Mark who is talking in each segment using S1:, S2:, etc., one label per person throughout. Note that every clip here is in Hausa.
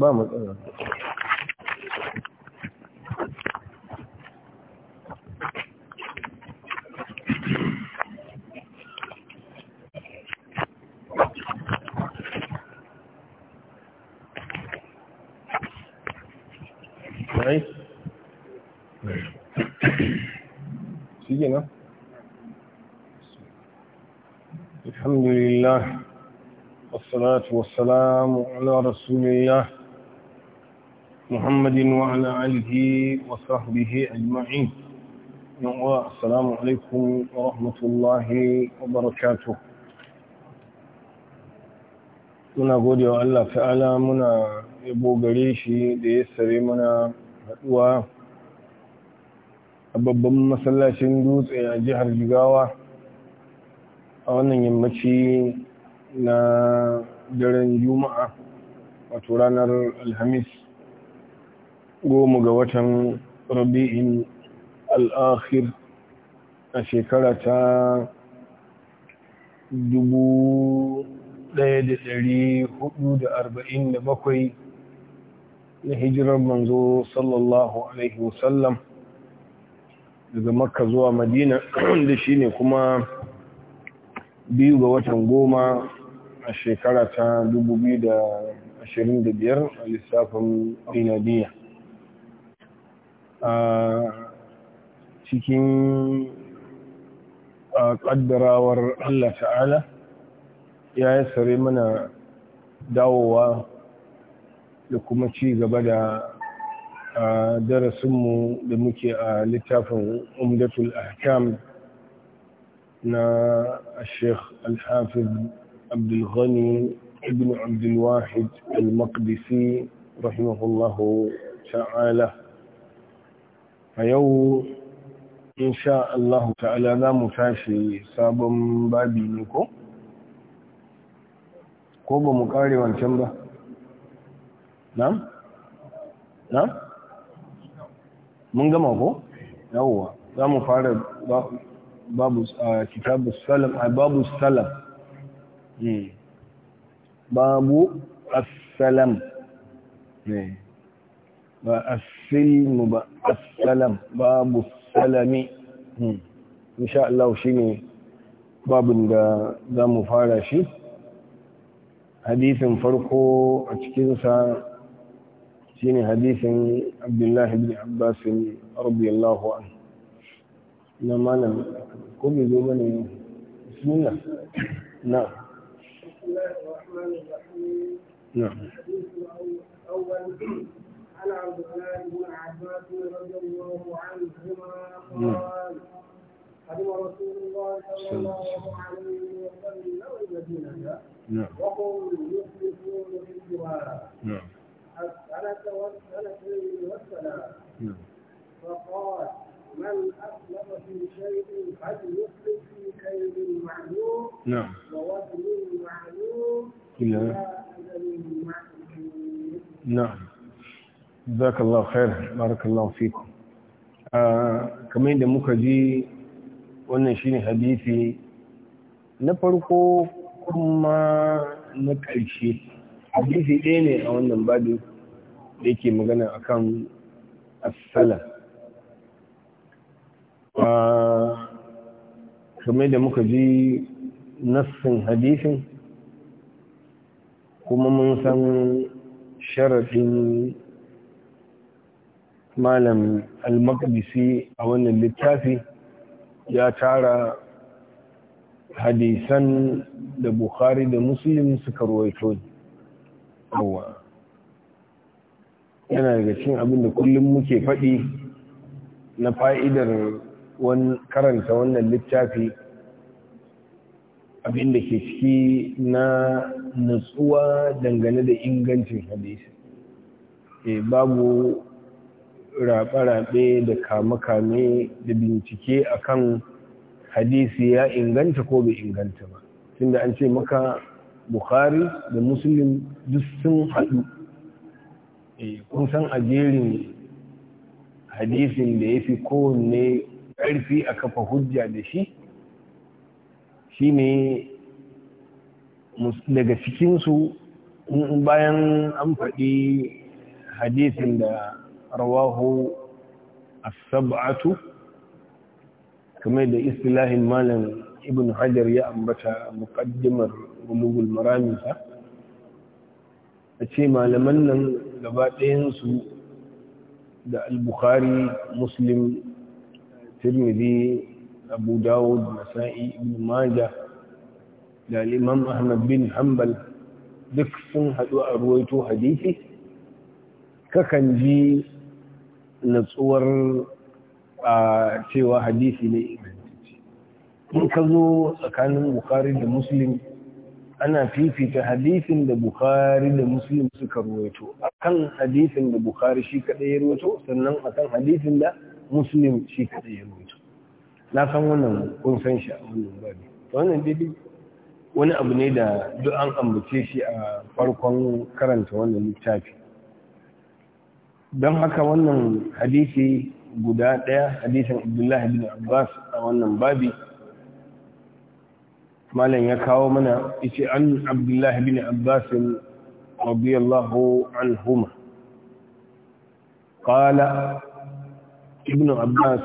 S1: ba matsala والسلام على رسول الله محمد وعلى آله وصحبه أجمعين السلام عليكم ورحمة الله وبركاته muna gode wa Allah ta'ala muna yabo gare shi da ya sare mana haɗuwa a babban masallacin dutse a jihar jigawa a wannan yammaci na daren juma'a wato ranar alhamis goma ga watan rabi'in al'akhir a shekara ta 1447 na hijirar manzo sallallahu alaihi wasallam daga makka zuwa madina da shine kuma biyu ga watan goma a shekara ta 2025 a lissafin miladiya a cikin ƙaddarawar Allah ta'ala ya yi sare mana dawowa da kuma ci gaba da a darasinmu da muke a littafin umdatul ahkam na sheikh al-hafiz عبد الغني ابن عبد الواحد المقدسي رحمه الله تعالى فيو إن شاء الله تعالى لا متاشي صاب بابي نكو كوبا مقاري والشمبة نعم نعم من جمع هو يوه لا mu باب babu kitabus salam a babu assalam ba assilmu ba assalam babu salami insha Allah shi ne babin da za mu fara shi hadisin farko a cikinsa shi ne hadisin abdullahi bin abbasin rabiyallahu an na malam kuma zo bane bismillah na الرحمن الرحيم نعم الحديث الأول عن عبد الله بن عباس رضي الله عنهما نعم. قال قدم رسول الله صلى الله عليه وسلم المدينة نعم. وهم يخلفون في الجوار نعم. السنة والسنة والسلام فقال من أسلم في شيء قد يخلف في كيد معلوم نعم ووزن معلوم إلا نعم جزاك الله خير بارك الله فيكم kamar da muka ji wannan shine hadisi na farko kuma na ƙarshe hadisi ɗaya ne a wannan babin da yake magana akan asala. kamar da muka ji nassin hadisin kuma mun san sharafin malam al-maqdisi a wannan littafi ya tara hadisan da bukhari da muslim suka ruwaito yawa yana daga cikin abin da kullum muke faɗi na fa'idar karanta wannan littafi abin da ke ciki na nutsuwa dangane da ingancin hadisi e babu rabe-rabe da kame-kame da bincike akan hadisi ya inganta ko bai inganta ba tunda an ce maka bukhari da musulun duk sun haɗu eh, kun san a jerin hadisin da ya fi kowanne ƙarfi a kafa hujja da shi Shi ne daga cikinsu bayan an faɗi hadisin da rawahu as-sab'atu kamar da istilahin malam ibn hajar ya ambata muqaddimar bulugul maramisa a ce malaman nan gaba ɗayansu da al-bukhari muslim tirmidhi abu dawud nasa'i ibn maja da imam ahmad bin hanbal duk sun haɗu a ruwaito hadisi kakan ji natsuwar a cewa hadisi ne ingantacce in ka zo tsakanin bukari da muslim ana fifita hadisin da bukari da muslim suka ruwaito akan hadisin da bukari shi kaɗai ya ruwaito sannan akan hadisin da muslim shi kaɗai ya ruwaito na san wannan kun san shi a wannan babi wannan daidai wani abu ne da duk an ambace shi a farkon karanta wannan littafi don haka wannan hadisi guda ɗaya hadisin abdullahi bin abbas a wannan babi malam ya kawo mana ice an abdullahi bin abbas radiyallahu anhuma قال ابن عباس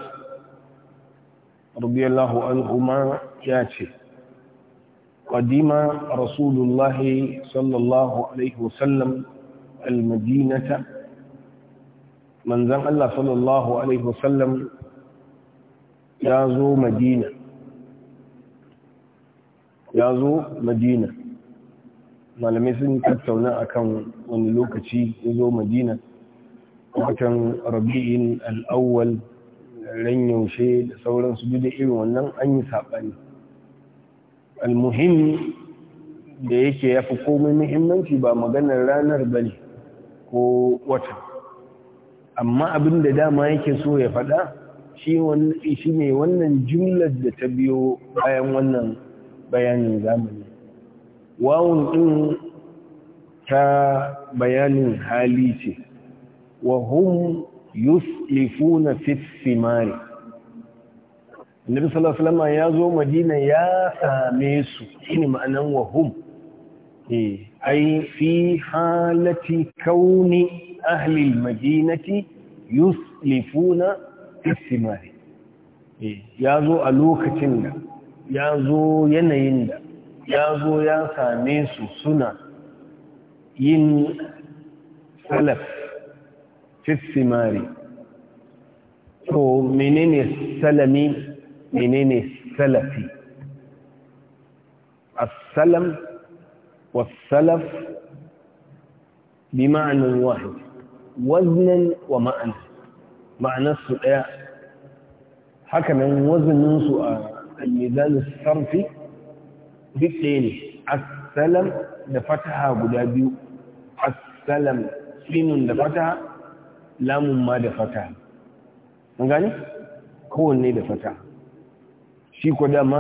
S1: radiyallahu anhuma ya ce qadima rasulullahi sallallahu alaihi wasallam almadinata manzon Allah sallallahu alaihi wasallam ya zo madina ya zo madina malamai sun tattauna akan wani lokaci ya zo madina watan rabi'in al'awwal ran yaushe da sauransu duk da irin wannan an yi saɓani almuhimmi da yake ya fi komai muhimmanci ba maganar ranar ba ne ko wata amma abin da dama yake so ya faɗa shi ne wannan jumlar da ta biyo bayan wannan bayanin zamani wawun ɗin ta bayanin hali ce wa hum يسلفون في الثمار النبي صلى الله عليه وسلم يا زو مدينه يا ساميس يعني معناه وهم إيه. اي في حاله كون اهل المدينه يسلفون في الثمار إيه. يا زو الوقتين يا زو ينين يا زو يا ساميس سنه ين سلف في to منين السلم منين السلف السلم والسلف بمعنى واحد وزنا ومعنى معنى السؤال هكذا وزن سؤال الميزان الصرفي بالتالي السلم دفتها بدابيو السلم سين دفتها lamun ma da fata an gani kowanne da fata shi ko dama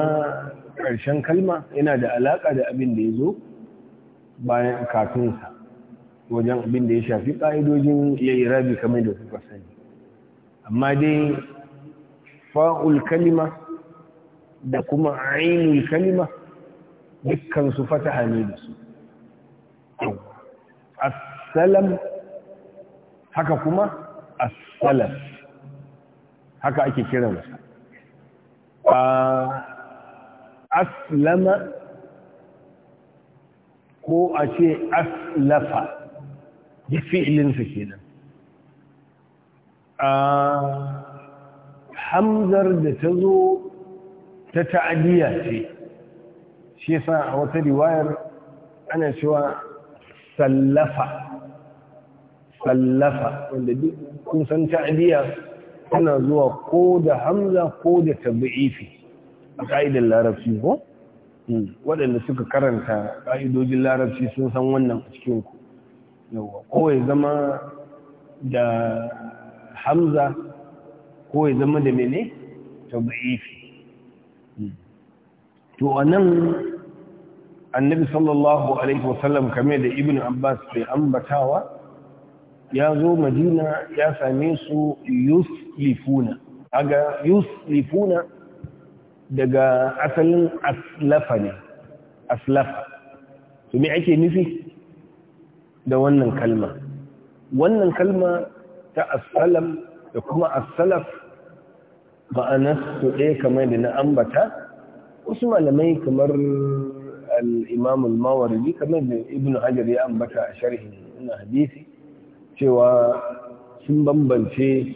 S1: ƙarshen kalma yana da alaƙa da abin da ya zo bayan kafinsa wajen abin da ya shafi ƙa'idojin ya yi rabi kamar da kuka sani amma dai fa'ul kalima da kuma ainihin kalima dukkan su fataha ne da su assalam haka kuma as-salaf haka ake kiransa aslama ko a ce aslafa da fi'ilinsa kenan a hamzar da ta zo ta ta'adiyya ce shi sa a wata riwayar ana cewa sallafa sallafa wanda duk kun san ta'diya tana zuwa ko da hamza ko da tabi'ifi a ka'idar larabci ko hmm. waɗanda suka karanta ka'idojin larabci sun san wannan a cikin ku yawa ko ya zama da hamza ko ya zama da mene tabi'ifi hmm. to anan annabi sallallahu alaihi wasallam kame da ibnu abbas bai ambatawa ya zo madina ya same su yuslifuna aga yuslifuna daga asalin aslafa ne aslafa su me ake nufi da wannan kalma wannan kalma ta asalam da kuma asalaf ma'anarsu ɗaya kamar da na ambata wasu malamai kamar al'imamul mawardi kamar da ibn hajar ya ambata a sharhin na hadisi cewa sun bambance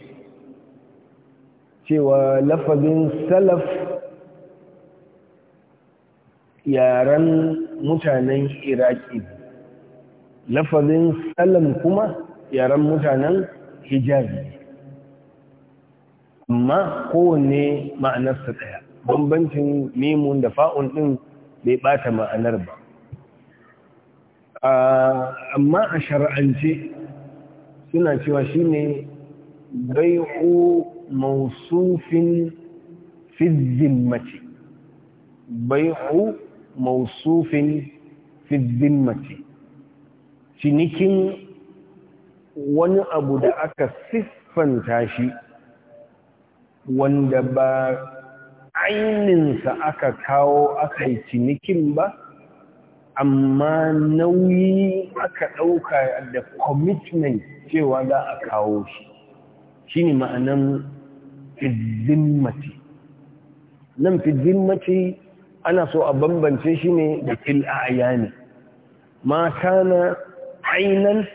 S1: cewa lafazin salaf yaren mutanen iraki lafazin salam kuma yaren mutanen hijabi amma kowanne ma'anarsa ɗaya bambancin mimun da fa'un ɗin bai bata ma'anar ba ah, amma a shar'ance suna cewa shi ne bai'u mausufin fizzin mace bai'u mausufin fizzin cinikin wani abu da aka siffanta shi wanda ba ainihinsa aka kawo aka yi cinikin ba amma nauyi aka ɗauka da commitment cewa za a kawo shi shi ne ma'anan fizimmati nan fizimmati ana so a bambance shi ne da fil'aya ne ma kana ainan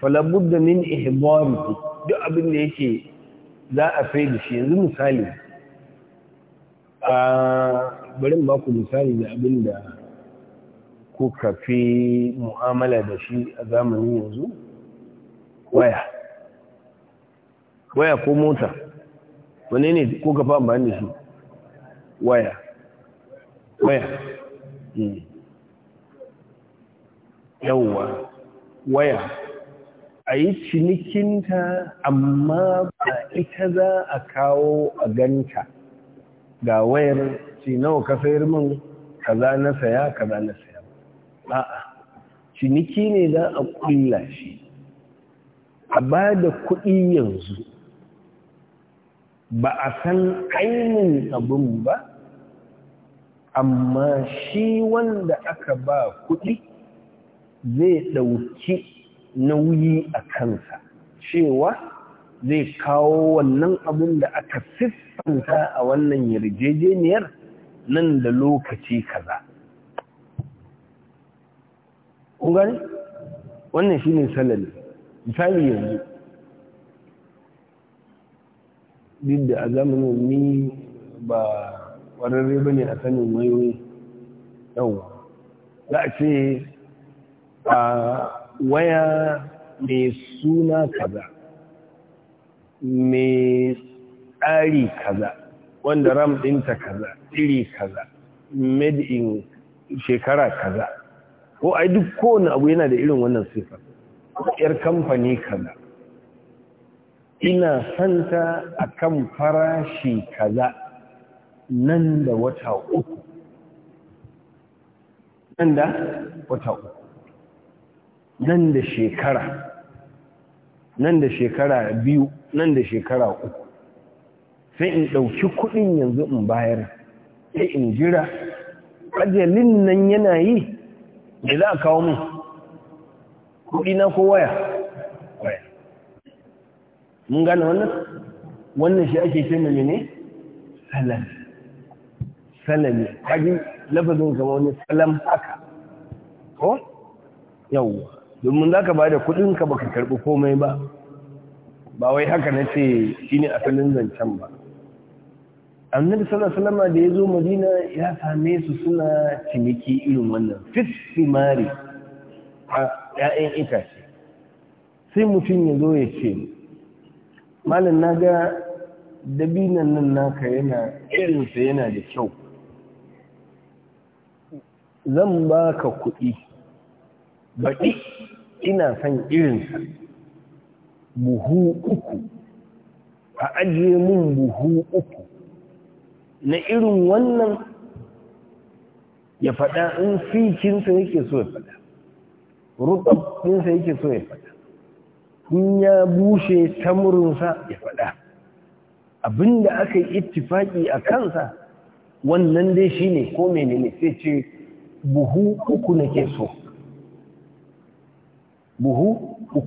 S1: falabudda min ihbariki duk abin da yake za a fai da shi yanzu misali a barin baku misali da abin da kuka fi mu'amala da shi a zamanin yanzu waya waya ko mota wane ne ko fi amfani shi waya waya hmm. yawwa waya a yi cinikinta amma ba ita za a kawo a ganta ga wayar ci nawa ka sayar min kaza na saya kaza na a'a ciniki ne za a kulla shi a ba da kuɗi yanzu ba a san ainihin abin ba amma shi wanda aka ba kuɗi zai ɗauki nauyi a kansa cewa zai kawo wannan abin da aka siffanta a wannan yarjejeniyar nan da lokaci kaza kun gani wannan shine salali misali yanzu duk da a zamanin ni ba ƙwararre ba ne a sanin mayoyi yau za a ce a waya mai suna kaza mai tsari kaza wanda ram ɗinta kaza iri kaza made in shekara kaza ko ai duk kowane abu yana da irin wannan sifa yar kamfani kaza ina santa a kan farashi kaza nan da wata uku nan da wata uku nan da shekara nan da shekara biyu nan da shekara uku sai in ɗauki kuɗin yanzu in bayar sai in jira ajalin nan yana yi me za a kawo mun kudi na ko waya waya mun gane wannan wannan shi ake ce mai ne salam salam kaji lafazin kama wani salam haka ko yawwa domin za ka ba da kuɗinka ba ka karɓi komai ba ba wai haka na ce shi ne asalin zancen ba annabi sallallahu alaihi wasallam da yazo madina ya same su suna ciniki irin wannan fitsimari a 'ya'yan itace sai mutum ya zo ya ce malam na ga dabinan nan naka yana sa yana da kyau zan baka ka kuɗi baɗi ina son irinsa buhu uku a ajiye mun buhu uku na irin wannan ya faɗa in fikinsa yake so ya faɗa rukunsa yake so ya faɗa in ya bushe tamurinsa ya faɗa abinda aka yi ittifaki a kansa wannan dai shi ne ko menene sai ce buhu uku na ke so buhu uku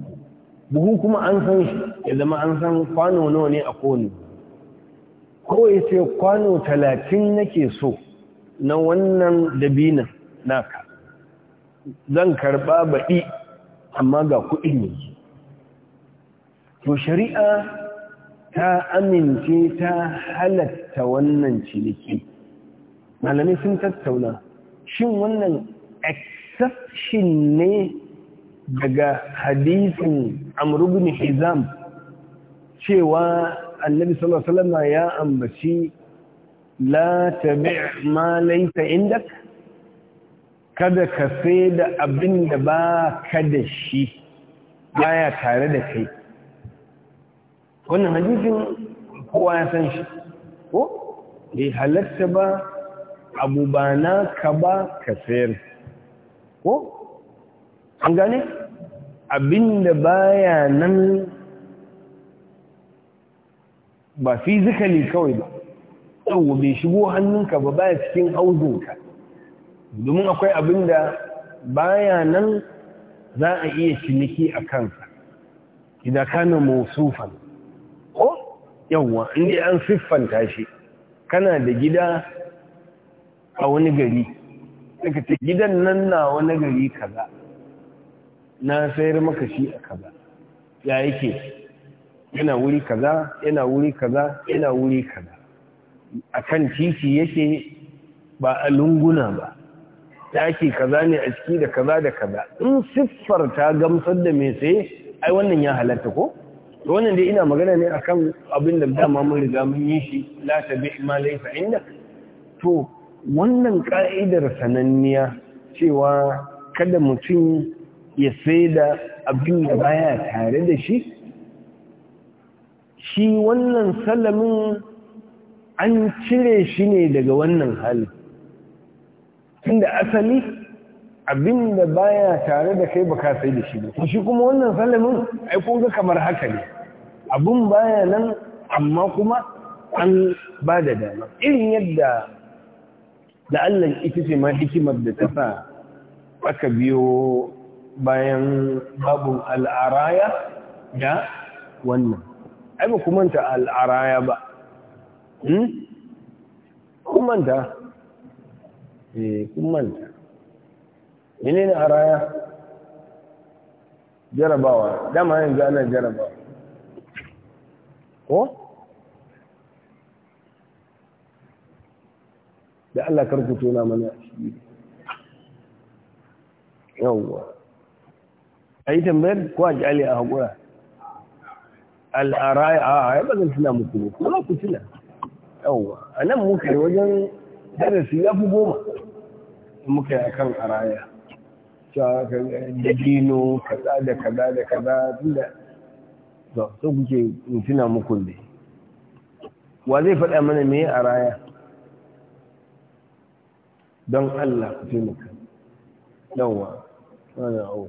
S1: buhu kuma an san shi ya zama an san kwano nawa ne a kowane ko ya kwano talatin nake so na wannan dabinan naka zan karba baɗi amma ga kuɗin ne to shari'a ta amince ta halatta wannan ciniki malamai sun tattauna shin wannan exception ne daga hadisin amrubin hizam cewa annabi sallallahu alaihi wasallam ya ambaci la tabi' ma laysa indak kada ka sai da abin da ba ka da shi baya tare da kai wannan hadisin kowa ya san shi ko bai halatta ba abu ba na ka ba ka sayar ko an gane abin da baya nan ba fizikali kawai ba yau bai shigo hannunka ba baya cikin hauzinka domin akwai abin da baya nan za a iya ciniki a kansa idan kana mausufan ko yawwa inda an siffanta shi kana da gida a wani gari daga ta gidan nan na wani gari kaza na sayar maka shi a kaza ya yake yana wuri kaza yana wuri kaza yana wuri kaza akan titi yake ba a lunguna ba ɗaki kaza ne a ciki da kaza da kaza in siffar ta gamsar da mai saye ai wannan ya halatta ko to wannan dai ina magana ne akan abin da dama mun riga mun yi shi la tabi ma laysa inda to wannan ka'idar sananniya cewa kada mutum ya sai da abin da baya tare da shi shi wannan salamin an cire shi ne daga wannan hali inda asali abinda baya tare da kai baka sai da shi ba shi kuma wannan salamin ai ko ga kamar haka ne abun baya nan amma kuma an ba da dama irin yadda da Allah ita ce ma hikimar da ta sa aka biyo bayan babun al'araya da wannan ai ba manta al'araya ba hmm? kumanta eh kumanta mene ne araya jarabawa dama yin ganar jarabawa ko da Allah karku tona mana yawwa a yi tambayar ko a a haƙura al’arai a ya zan tuna muku ne kuma ku tuna yawwa a nan muka yi wajen darasi ya fi goma muka yi kan araya cewa da dino kaza da kaza da kaza tunda to so kuke tuna muku ne wa zai faɗa mana me araya don Allah ku taimaka yawwa wani abu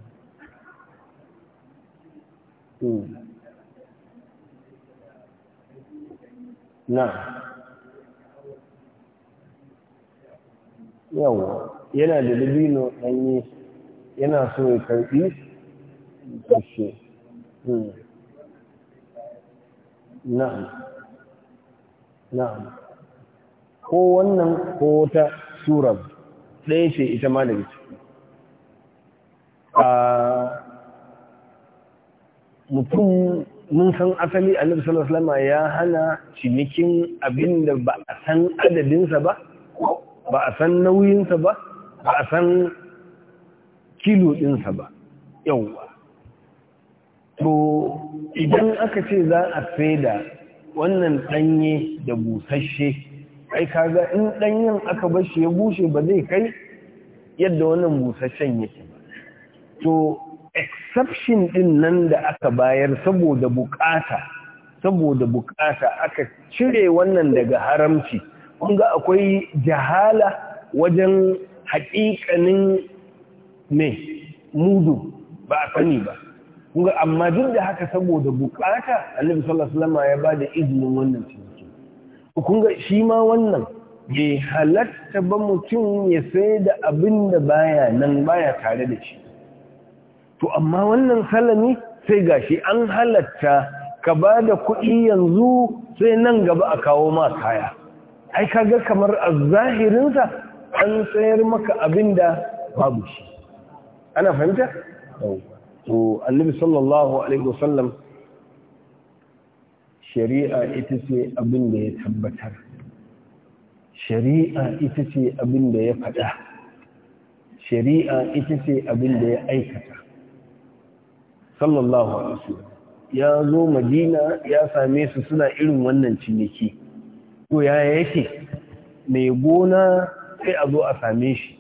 S1: na yawa yana da libino ɗanye yana so ya karɓi ƙashe hmm. na'am na'am ko wannan ko wata surar ɗaya ce ita ma da ciki a ah, mutum mun san asali annabi sallallahu alaihi wasallam ya hana cinikin abinda da ba a san adadinsa ba ba a san nauyinsa ba ba a san kilo ɗinsa ba yauwa to idan aka ce za a saida wannan ɗanye da busasshe ai kaga in ɗanyen aka bashi ya bushe ba zai kai yadda wannan busasshen yake ba to exception din nan da aka bayar saboda bukata saboda bukata aka cire wannan daga haramci kun akwai jahala wajen haƙiƙanin me mudu ba a sani ba kun ga amma duk da haka saboda bukata annabi sallallahu alaihi wasallam ya bada izinin wannan ciniki kun ga shi ma wannan bai halatta ba mutum ya sai da abin da baya nan baya tare da shi to amma wannan halami sai gashi an halatta ka ba da kuɗi yanzu sai nan gaba a kawo ma kaya ai kaga kamar a zahirinsa an sayar maka abin da babu shi ana fahimta? to annabi sallallahu alaihi wasallam shari'a ita ce abin da ya tabbatar shari'a ita ce abin da ya faɗa shari'a ita ce abin da ya aikata sallallahu alaihi ya zo madina ya same su suna irin wannan ciniki ko ya yake mai gona sai a zo a same shi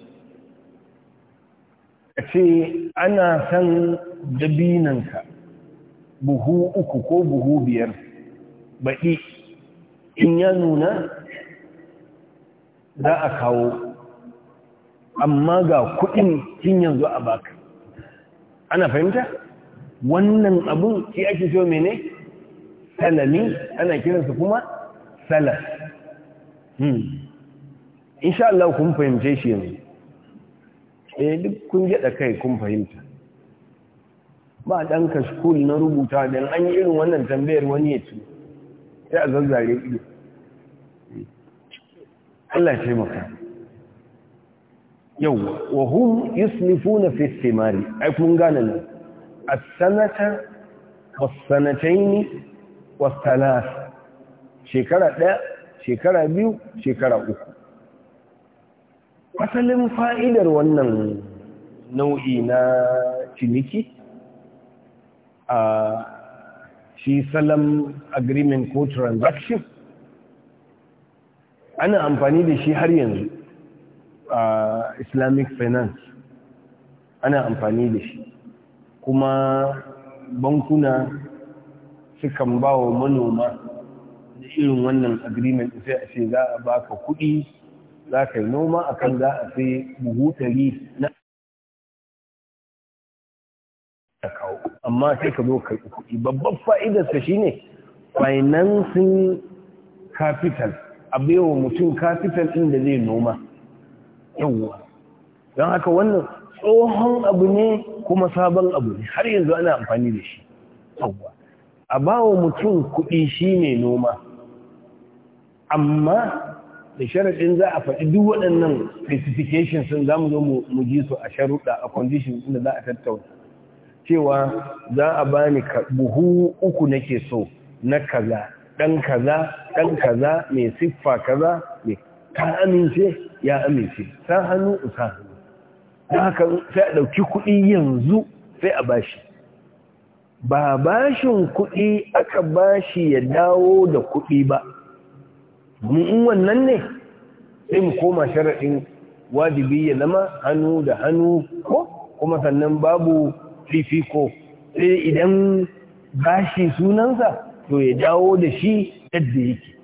S1: a ce ana san dabinanka buhu uku ko buhu biyar baɗi in ya nuna za a kawo amma ga kuɗin kin yanzu a baka ana fahimta? wannan abun shi ake so mene salami ana kiransa kuma Salas. Hmm. insha Allah kun fahimce shi yanzu eh duk kun gyaɗa kai kun fahimta ba ka school na rubuta dan an yi irin wannan tambayar wani ya sai ya zazzare ido Allah ya taimaka yau wa hum yuslifuna fi thimari ai kun gane as-sanata was-sanataini shekara ɗaya shekara biyu shekara uku asalin fa'idar wannan nau'i na ciniki a shi salam agreement ko transaction ana amfani da shi har yanzu a islamic finance ana amfani da shi kuma bankuna sukan ba wa manoma da irin wannan agreement sai a ce za a baka kuɗi za ka yi noma kan za a sai buhu ɗari na ta kawo amma sai ka zo ka yi kuɗi babban fa'idarsa ne financing capital a baiwa mutum capital inda zai noma yawwa don haka wannan tsohon abu ne kuma sabon abu ne har yanzu ana amfani da shi yawwa a bawa mutum kuɗi shi ne noma amma da sharaɗin za a faɗi duk waɗannan specifications sun za mu zo mu ji su a sharuɗa a condition inda za a tattauna cewa za a ba ni buhu uku nake so na kaza ɗan kaza ɗan kaza mai siffa kaza mai ka amince ya amince ta hannu usa hannu don haka sai a ɗauki kuɗi yanzu sai a bashi ba bashin kuɗi aka bashi ya dawo da kuɗi ba in wannan ne sai mu koma sharaɗin wajibi ya zama hannu da hannu ko kuma sannan babu ko sai idan bashi sunansa to ya dawo da shi yadda yake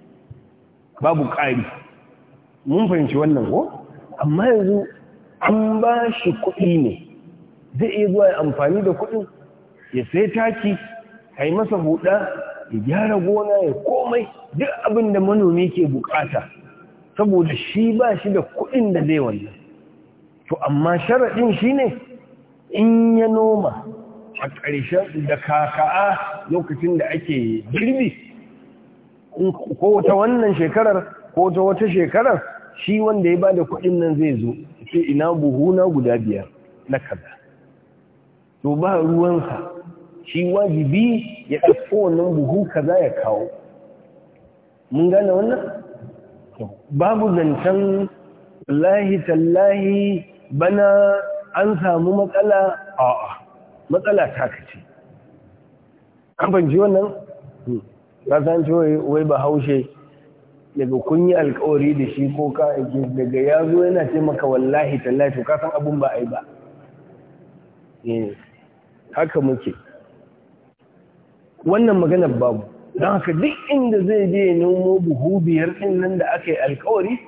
S1: babu ƙari mun fahimci wannan ko amma yanzu an ba shi kuɗi ne zai iya zuwa ya amfani da kuɗin ya sai taki kai masa huɗa ya gyara gona ya komai duk abin da manomi ke bukata saboda shi ba shi da kuɗin da zai wannan to amma sharaɗin shi ne in ya noma a ƙarshen da kaka'a lokacin da ake girbi ko wata wannan shekarar ko ta wata shekarar shi wanda ya bada kuɗin nan zai zo ce ina buhu na guda biyar na kaza to ba ruwansa shi wajibi ya ɗauko wannan buhu kaza ya kawo mun gane wannan babu zancen lahi tallahi bana an samu matsala a'a matsala ta kace an banji wannan ba hmm. san ce wai ba haushe daga kun yi alkawari da shi ko ka aiki daga ya zo yana ce maka wallahi tallahi to ka san abun ba a yi ba eh, haka muke wannan maganar babu don haka duk inda zai je nemo buhu biyar ɗin nan da aka yi alkawari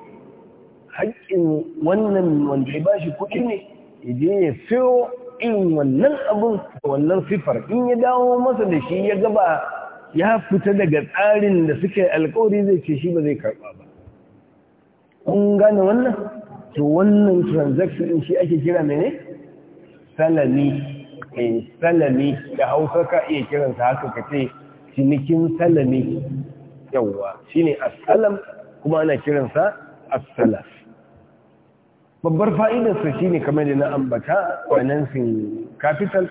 S1: haƙƙin wannan wanda ya bashi kuɗi ne ya je ya fiyo in wannan abun wannan sifar in ya dawo masa da shi ya gaba ya fita daga tsarin da suke alkawari zai ce shi ba zai karba ba kun gane wannan to wannan transaction din shi ake kira mene salami eh salami da Hausa ka iya kiransa haka kace cinikin salami yawa shine assalam kuma ana kiransa sa assala babbar sa shine kamar da na ambata financing capital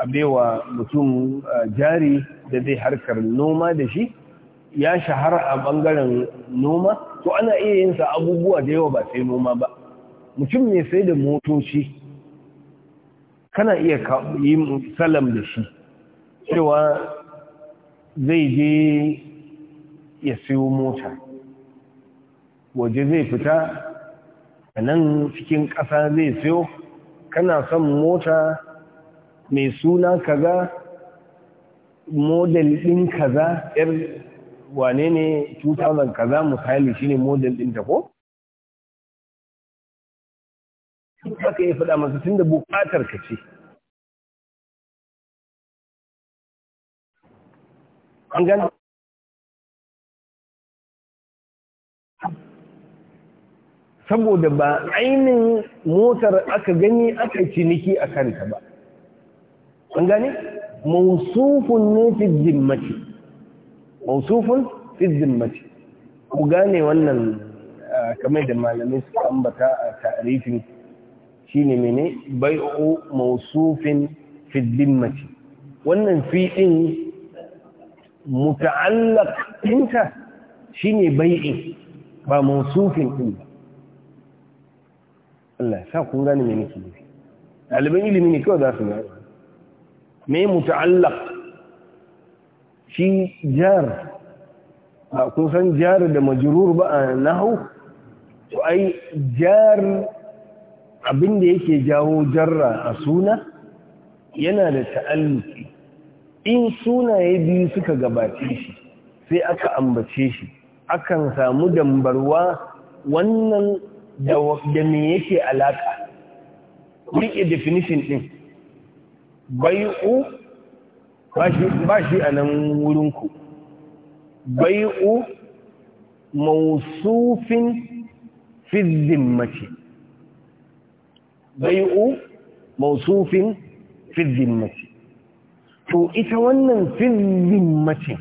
S1: a baiwa mutum jari da zai harkar noma da shi ya shahara a bangaren noma to ana iya yin sa abubuwa da yawa ba sai noma ba mutum ne sai da motoci kana iya yi salam da shi cewa zai je ya siyo mota waje zai fita a nan cikin ƙasa zai siyo kana son mota mai suna kaza model ɗin kaza yar wane ne 2000 kaza misali shine model ɗin ta ko haka ya faɗa masa tunda buƙatar ka ce an saboda ba ainihin motar aka gani aka ciniki a kanta ba kun gani mausufun ne fi zimmaci mausufun fi zimmaci ku gane wannan eh, kamar da malamai suka ambata a tarifin shine mene bai'u mausufin fi zimmaci wannan fi din muta'allaq ne shine in ba mausufin din ba Allah sa kun gane mene nake nufi ɗaliban ilimi ne kawai za su gane me muta'allaq shi jar ba kun san jar da majrur ba a nahu to ai jar abinda yake jawo jarra a suna yana da ta'alluki in sunaye biyu suka gabace shi sai aka ambace shi akan samu dambarwa wannan da me yake alaka ke definition ɗin bai'u ba shi a nan wurinku bai'u mausufin fizzin mace bai'u mausufin fizzin mace to ita wannan fizzin mace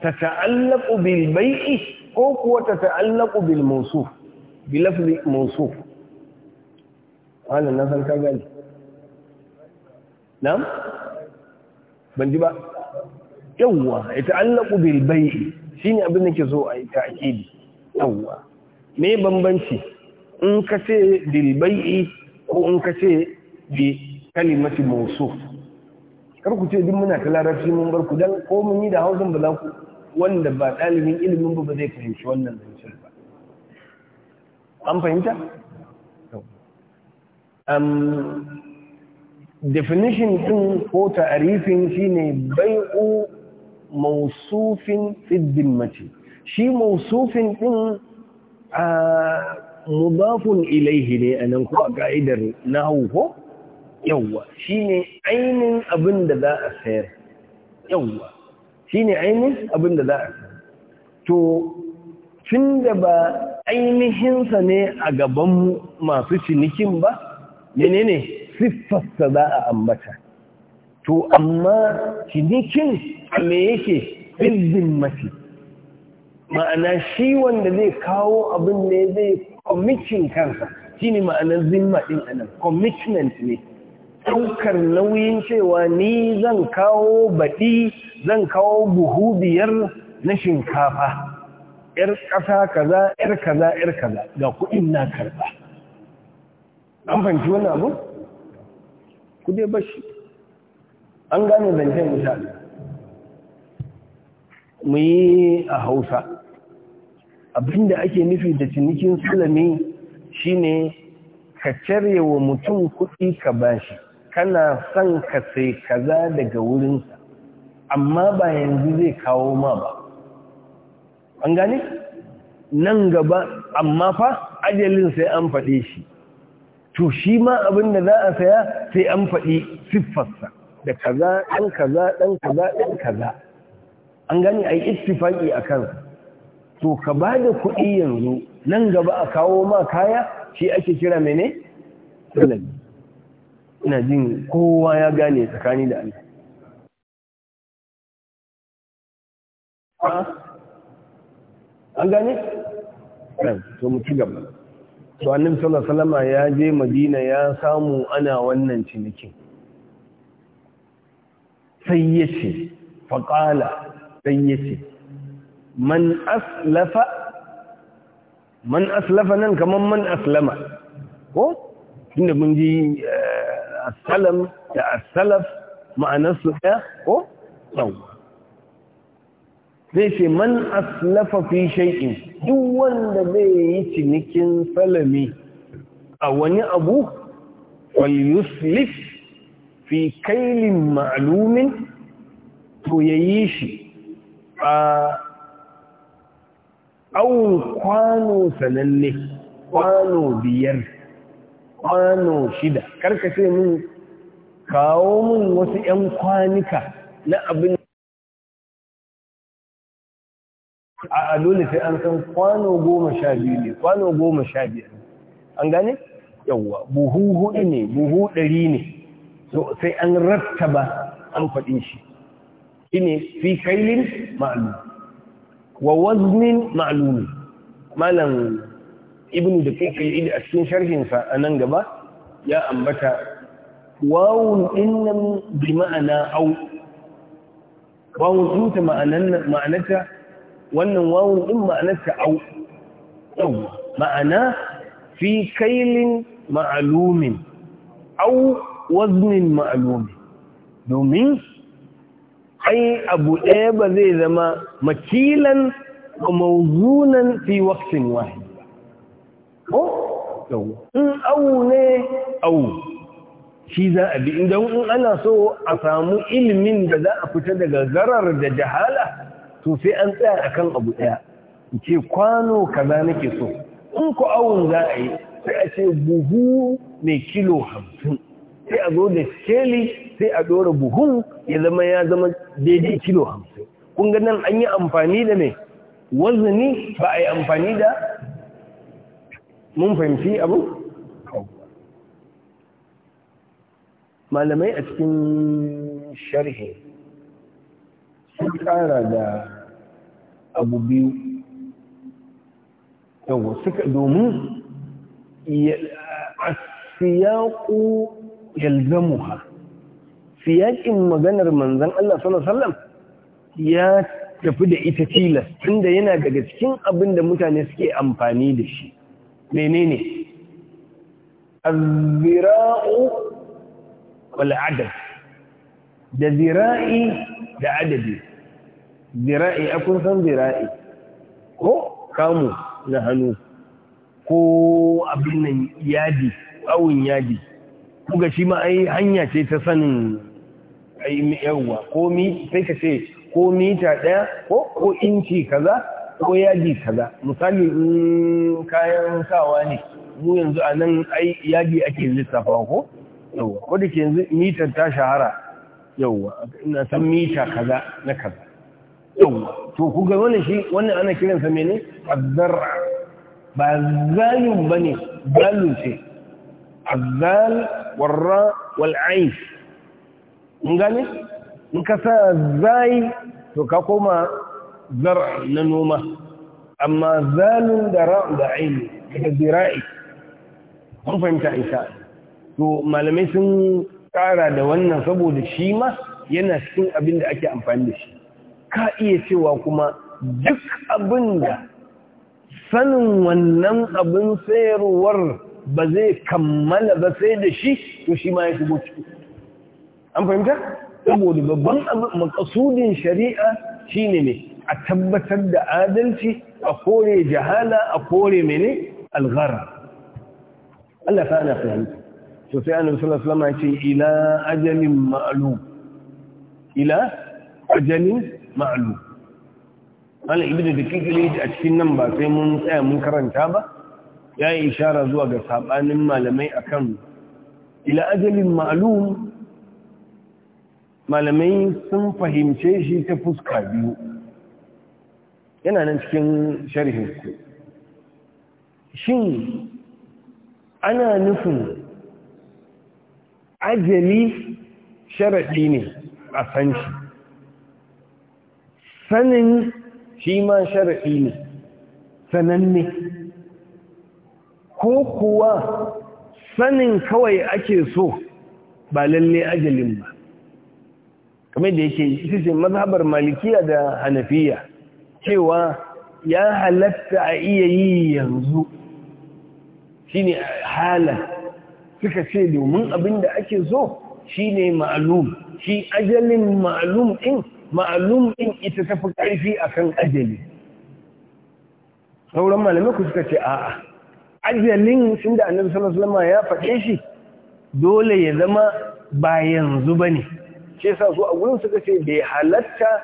S1: ta ta'allaku bil bai'i ko kuwa ta ta'allaku bil mausuf bilafin mausuf wannan na san na'am ban ji ba yawwa ya ta'allaqu bil bai'i shine abin da ke so a yi ta'kidi yawwa me bambanci in ka ce bil bai'i ko in ka ce bi kalimati mawsuf kar ku ce duk muna ta larabci mun bar ku dan ko mun yi da hausan ba za ku wanda ba ɗalibin ilimin ba ba zai fahimci wannan zancen ba an fahimta? definition din ko ta'arifin shine bai'u mausufin fiddimmaci shi mausufin din a mudafun ilaihi ne a nan ko a ka'idar nahu ko yawwa shine ainin abin da za a sayar yawwa shine ainin abin da za a sayar to tun da ba ainihinsa ne a gaban masu cinikin ba menene ne siffarsa za a ambata to amma cinikin me yake bilbin mafi ma'ana shi wanda zai kawo abin ne zai kwamitin kansa shi ne ma'anar zimma ɗin anan commitment ne ɗaukar nauyin cewa ni zan kawo baɗi zan kawo buhu biyar na shinkafa ‘yar ƙasa kaza ‘yar kaza ‘yar kaza ga kuɗin na karɓa an fanci wani abu? ku dai bashi an gane zancen misali mu yi a hausa abinda ake nufi da cinikin sulami shine ka cire wa mutum kuɗi ka bashi kana son ka sai kaza daga wurinsa amma ba yanzu zai kawo ma ba an gane nan gaba amma fa ajalin sai an faɗe shi to shi ma abin da za a saya sai an faɗi siffarsa da kaza ɗan kaza ɗan kaza ɗan kaza an gani a yi ittifaƙi a kansa to ka ba da kuɗi yanzu nan gaba a kawo ma kaya shi ake kira mene? talabi ina jin kowa ya gane tsakani da Allah an gane? to mu ci gaba to annabi sallallahu alaihi wasallama ya je madina ya samu ana wannan cinikin sai ya ce faƙala sai ya ce man aslafa man aslafa nan kaman man aslama ko inda mun ji eh, asalam da asalaf ma'anarsu ɗaya ko ɗan zai ce man aslafa fi shay'in duk wanda zai yi cinikin salami a wani abu wal fi kailin ma'lumin to yayi shi a awon kwano sananne kwano biyar kwano shida karkashe min kawo min wasu 'yan kwanika na abin a dole sai an san kwano goma sha biyu ne kwano goma sha biyar an gane yawwa buhu hudu ne buhu ɗari ne so sai an rattaba an faɗi shi ine fi kailin ma'alu wa ma'alu ne. malam ibnu da kai kai a cikin sharhinsa a nan gaba ya ambata wawun dinnan bi ma'ana au wawun dinta ma'anata wannan wawun din ma'anarta au yawwa ma'ana fi kailin ma'alumin au waznin ma'alumin domin ai abu ɗaya ba zai zama makilan ko mawzunan fi waqtin wahid ko yawwa in au ne au shi za a bi idan in ana so a samu ilimin da za a fita daga zarar da jahala to sai an tsaya akan abu ɗaya ce kwano kaza nake so in ku awon za a yi sai a ce buhu mai kilo hamsin sai a zo da skeli sai a ɗora buhun ya zama ya zama daidai kilo hamsin kun ga nan an yi amfani da mai wazani ba a yi amfani da mun fahimci abu malamai a cikin sharhi sun kara da abu biyu wasu suka domin a siyaƙu yalzamuha siyaƙin maganar manzan Allah sallallahu ya tafi da ita tilas inda yana daga cikin abin da mutane suke amfani da shi menene azira'u wal adad da zira'i da adadi zira'i a kun san zira'i ko kamu na hannu ko abin yadi awun yadi kuga shi ma ai hanya ce ta sanin ai yawwa ko mi sai ka ce ko mita ɗaya ko ko inci kaza ko yadi kaza misali mm, kayan sawa ne mu yanzu a nan ai yadi ake lissafa ko yawwa ko da ke yanzu mitar ta shahara yawwa ina san mita kaza na kaza to ku ga wani shi wannan ana kiransa mene azzar'a ba zalun bane zalun ce azzal warra wal aif mun gane in ka sa zai to ka koma zar'a na noma amma zalun da ra'u da aini daga zira'i kun fahimta isa to malamai sun kara da wannan saboda shi ma yana cikin abin da ake amfani da shi ka iya cewa kuma duk abinda sanin wannan abin sayarwar ba zai kammala ba sai da shi to shi ma ya shigo ciki an fahimta saboda babban makasudin shari'a shine ne a tabbatar da adalci a kore jahala a kore mene alghara Allah ta ana fahimta to sai annabi sallallahu alaihi wasallam ya ce ila ajalin ma'lum ila ajalin ma'alu mala da dikili a cikin nan ba sai mun tsaya mun karanta ba ya yi ishara zuwa ga sabanin malamai akan ila ajalin malamai sun fahimce shi ta fuska biyu yana nan cikin sharhin ku shin ana nufin ajali sharaɗi ne a san shi sanin shi ma shara'i ne sananne ko kuwa sanin kawai ake so ba lalle ajalin ba kamar da yake ita ce mazhabar malikiya da hanafiya cewa ya halatta a iya yi yanzu shine hala suka ce domin abin da ake so shine ma'alum shi ajalin ma'alum ɗin ma'alum ɗin ita tafi ƙarfi a kan ajali sauran malamai ku suka ce a'a ajalin sun da annabi sallallahu ya faɗe shi dole ya zama ba yanzu ba ne ce sa su a gurin suka ce bai halatta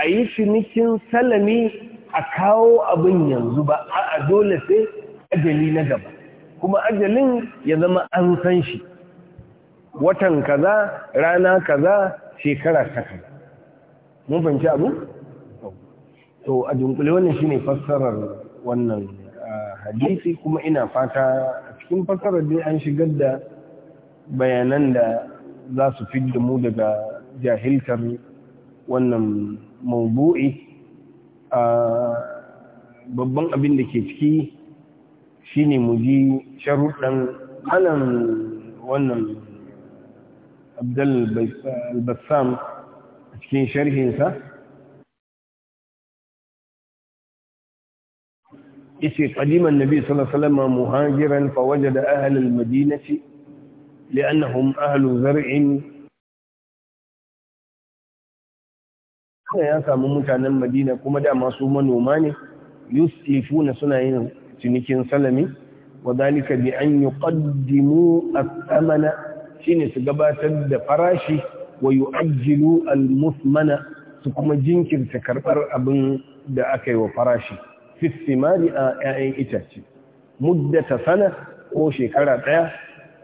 S1: a yi cinikin salami a kawo abin yanzu ba a'a dole sai ajali na gaba kuma ajalin ya zama an san shi watan kaza rana kaza shekara ta kaza mun fahimci abu to a dunkule wannan shine fassarar wannan hadisi kuma ina fata a cikin fassarar dai an shigar da bayanan da za su fidda mu daga jahiltar wannan mawbu'i a babban abin da ke ciki shine mu ji sharuɗan malam wannan abdul bassam cikin sharhinsa ishe qadiman nabi sallallahu alaihi wasallam muhajiran fa wajada ahli almadinati li'annahum ahlu zar'in ya samu mutanen madina kuma da masu manoma ne yusifuna suna yin cinikin salami an وذلك بأن shine su gabatar da farashi wa yu'ajjilu al-musmana su kuma jinkirta karɓar abin da aka yi wa farashi fi simari a 'ya'yan itace muddata sana ko shekara ɗaya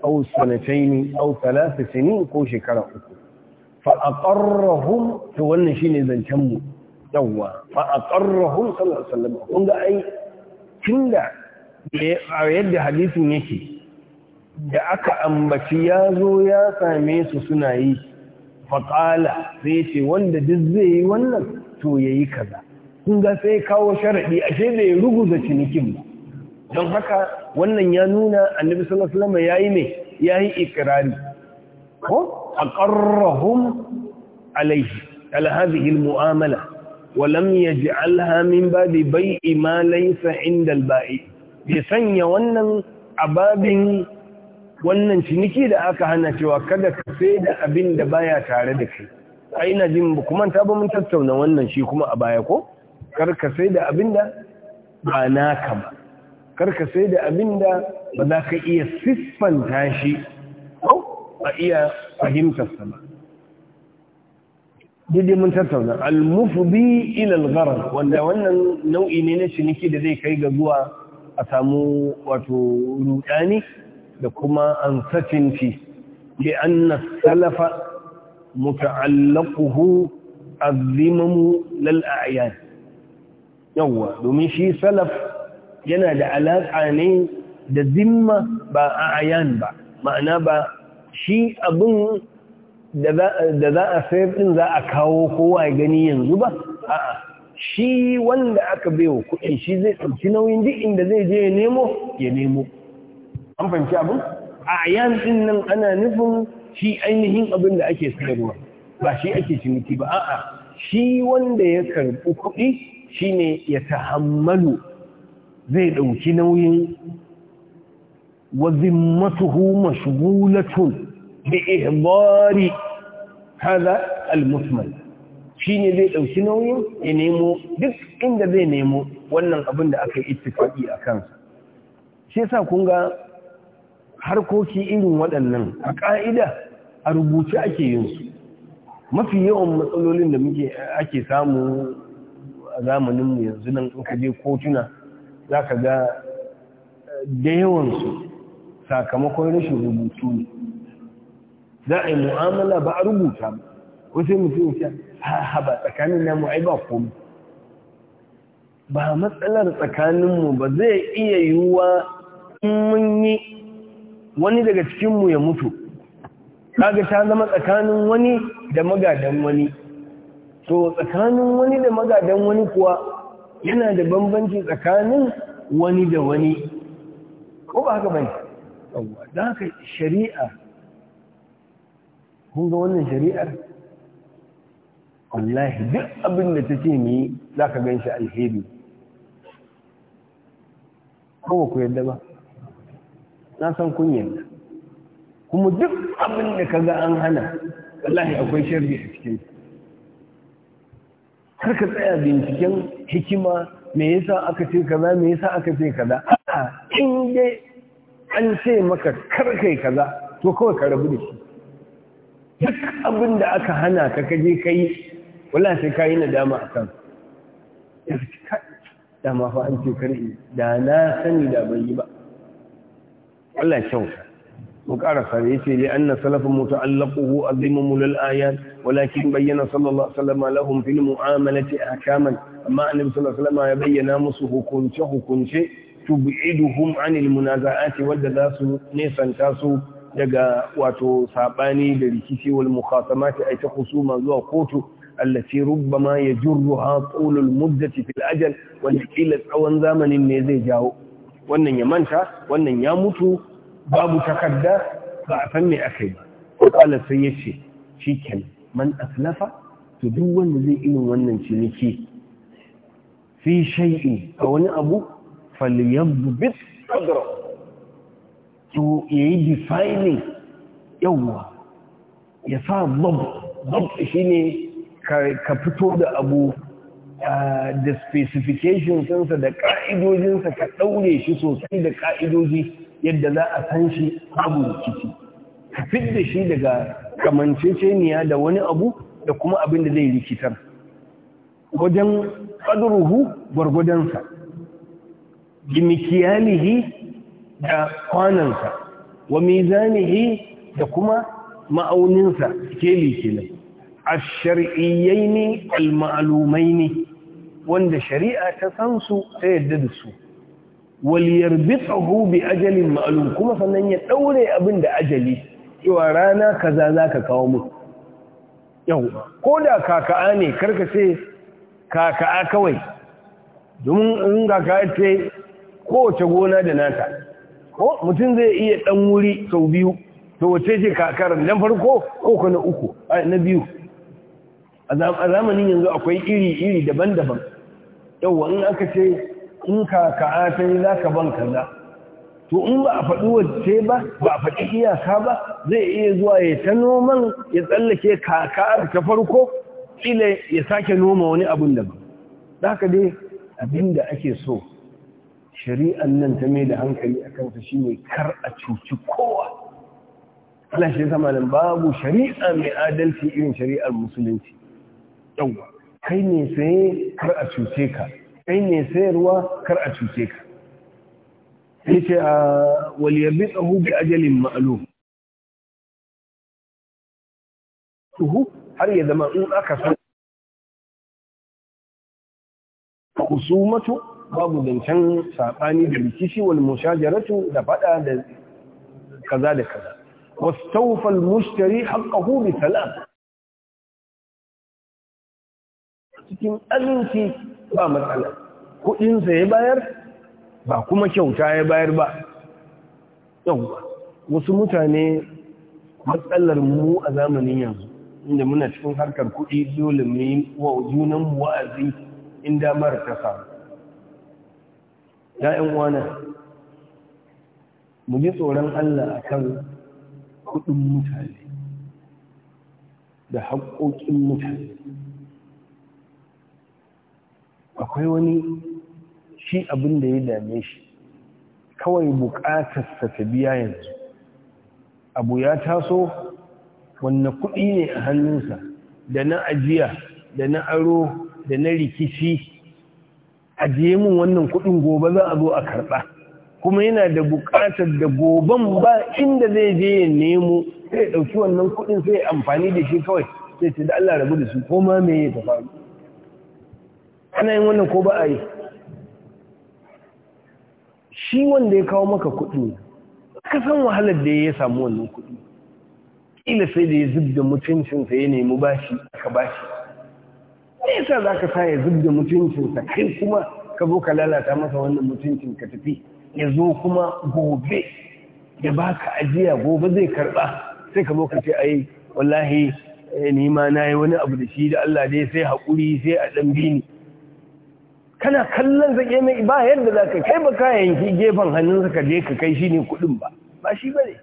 S1: au sanataini au talata sinin ko shekara uku fa aqarrahum to wannan shine zancen mu yawa fa aqarrahum sallallahu alaihi wasallam kun ga ai tunda yadda hadisin yake da aka ambaci ya zo ya same su suna yi faƙala sai ce wanda duk zai yi wannan to ya yi kaza kun ga sai kawo sharaɗi ashe bai ruguza cinikin ba don haka wannan ya nuna annabi sallallahu alaihi wasallam yayi ne yayi ikrari ko aqarrahum alaihi ala hadhihi almu'amala wa lam yaj'alha min babi bai'i ma laysa 'inda al-ba'i sanya wannan ababin wannan ciniki da aka hana cewa kada ka sai da abin da baya tare da kai a ina jin kuma ta ba mun tattauna wannan shi kuma a baya ko kar ka sai da abin da ba naka ba kar ka sai da abin da ba za ka iya siffanta shi ko a iya fahimtar ba daidai mun tattauna al-mufdi ila al-gharar wanda wannan nau'i ne na ciniki da zai kai ga zuwa a samu wato rudani da kuma an satinci li anna salafa muta'allaquhu azzimamu lil a'yan yawa domin shi salaf yana da alaƙa ne da zimma ba a'yan ba ma'ana ba shi abin da za a sayar din za a kawo kowa gani yanzu ba a'a shi wanda aka baiwa kuɗi shi zai ɗauki nauyin duk inda zai je ya nemo ya nemo an fahimci abin a yan din nan ana nufin shi ainihin abin da ake sayarwa ba shi ake ciniki ba a'a shi wanda ya karɓi kuɗi shine ya tahammalu zai ɗauki nauyin wa zimmatuhu mashghulatun bi ihdari hada al-musmal shine zai ɗauki nauyin ya nemo duk inda zai nemo wannan abin da aka yi ittifaqi akan shi yasa kun ga harkoki irin waɗannan a ƙa'ida a rubuce ake yin su mafi yawan matsalolin da muke ake samu a zamaninmu yanzu nan in ka je kotuna za ka ga da yawansu sakamakon rashin rubutu ne za a yi mu'amala ba a rubuta ba wasu mutum ya ha ha ba tsakanin namu ai ba komi ba matsalar tsakaninmu ba zai iya yiwuwa in mun yi wani daga cikinmu ya mutu kaga ta zama tsakanin wani da magadan wani to tsakanin wani da magadan wani kuwa yana da bambanci tsakanin wani da wani ko ba haka bane da haka shari'a kun ga wannan shari'ar wallahi duk abin da ta ce mu za ka gan shi alheri ko ba ku yadda ba na san kunyar kuma duk abin da ka ga an hana wallahi akwai sharri a cikin kar ka tsaya binciken hikima me yasa aka ce kaza me yasa aka ce kaza a'a in dai an ce maka kar kai kaza to kawai ka rabu da shi duk abin da aka hana ka kaje kai wallahi sai ka yi dama a kan dama fa an ce kar da na sani da bai yi ba Allah kyauta Mun ƙara sare yace li anna salafun muta'allaquhu azimu mulal ayat walakin bayyana sallallahu alaihi lahum fil mu'amalati ahkaman amma annabi sallallahu alaihi ya bayyana musu hukunce hukunce tub'iduhum anil munaza'ati wadda za su nesanta su daga wato sabani da rikici wal mukhasamati ay ta khusuma zuwa kotu allati rubbama yajurruha tulul muddati fil ajal wanda ƙila tsawon zamanin ne zai jawo wannan ya manta wannan ya mutu babu takarda ba a san me aka yi kala sai ya ce shi kenan man aslafa to duk wanda zai irin wannan ciniki fi shay'in a wani abu falyabbit qadra to yayi defining yawa ya sa dab dab shine ka fito da abu da specification sunsa da ƙa'idojinsa ka ɗaure shi sosai da ƙa'idoji yadda za a san shi abu ciki ka da shi daga kamanceceniya da wani abu da kuma abin da zai rikitar wajen ƙaduruhu gwargwadonsa jimikiyalihi da kwanansa wa mizanihi da kuma ma'auninsa ke kenan a shari'iyyai ne al-ma'alumai ne wanda shari'a ta san su ta yadda da su waliyar yarbitahu bi ajalin ma'alu kuma sannan ya ɗaure abin da ajali cewa rana kaza ka kawo mu yau ko da kaka'a ne karka ce kaka'a kawai domin in kaka'a ce kowace gona da nata ko mutum zai iya ɗan wuri sau biyu to wace ce kakar dan farko ko ko na uku na biyu a zamanin yanzu akwai iri-iri daban-daban Yauwa in aka ce in kaka a ta yi za ka ban kaza to in ba a faɗi wacce ba ba a faɗi iyaka ba zai iya zuwa ya ta noman ya tsallake kaka'ar ta farko ile ya sake noma wani abin da ba da haka dai abin da ake so shari'an nan ta mai da hankali a kansa shi mai kar a cuci kowa ana shi sama nan babu shari'a mai adalci irin shari'ar musulunci yauwa. kai ne saye kar a cuce ka kai ne sayarwa kar a cuce ka sai ce a waliyarbi tsahu bi ajalin ma'alu tuhu har ya zama in aka san husumatu babu zancen saɓani da rikici wal mushajaratu da faɗa da kaza da kaza Wasu mushtari المشتري bi بسلام cikin aminci ba matsala kuɗinsa ya bayar ba kuma kyauta ya bayar ba yauwa wasu mutane matsalar mu a zamanin yanzu inda muna cikin harkar kuɗi dole mu yi wa junan wa'azi in damar ta samu ya'yan uwana, mu ji tsoron Allah akan kuɗin mutane da haƙoƙin mutane akwai wani shi abin da ya dame shi kawai buƙatarsa ta biya yanzu abu ya taso wanne kuɗi ne a hannunsa da na ajiya da na aro da na rikici ajiye mun wannan kuɗin gobe za a zo a karɓa kuma yana da bukatar da goben ba inda zai je ya nemo sai ya ɗauki wannan kuɗin sai ya amfani da shi kawai sai ce da Allah rabu da su koma me ya ta faru ana yin wannan ko ba a yi shi wanda ya kawo maka kuɗi ka san wahalar da ya samu wannan kuɗi ƙila sai da ya zub da mutuncinsa ya nemi bashi ka bashi me yasa za ka sa ya zub da mutuncinsa kai kuma ka zo ka lalata masa wannan mutuncin ka tafi ya zo kuma gobe ya baka ajiya gobe zai karba sai ka zo ka ce ai wallahi eh, ni ma na yi wani abu da shi da Allah dai sai haƙuri sai a ɗan bi ni kana kallon zaƙe mai ba yadda za ka kai ba kayan yanki gefen hannunsa ka je ka kai shi ne kuɗin ba ba shi ba ne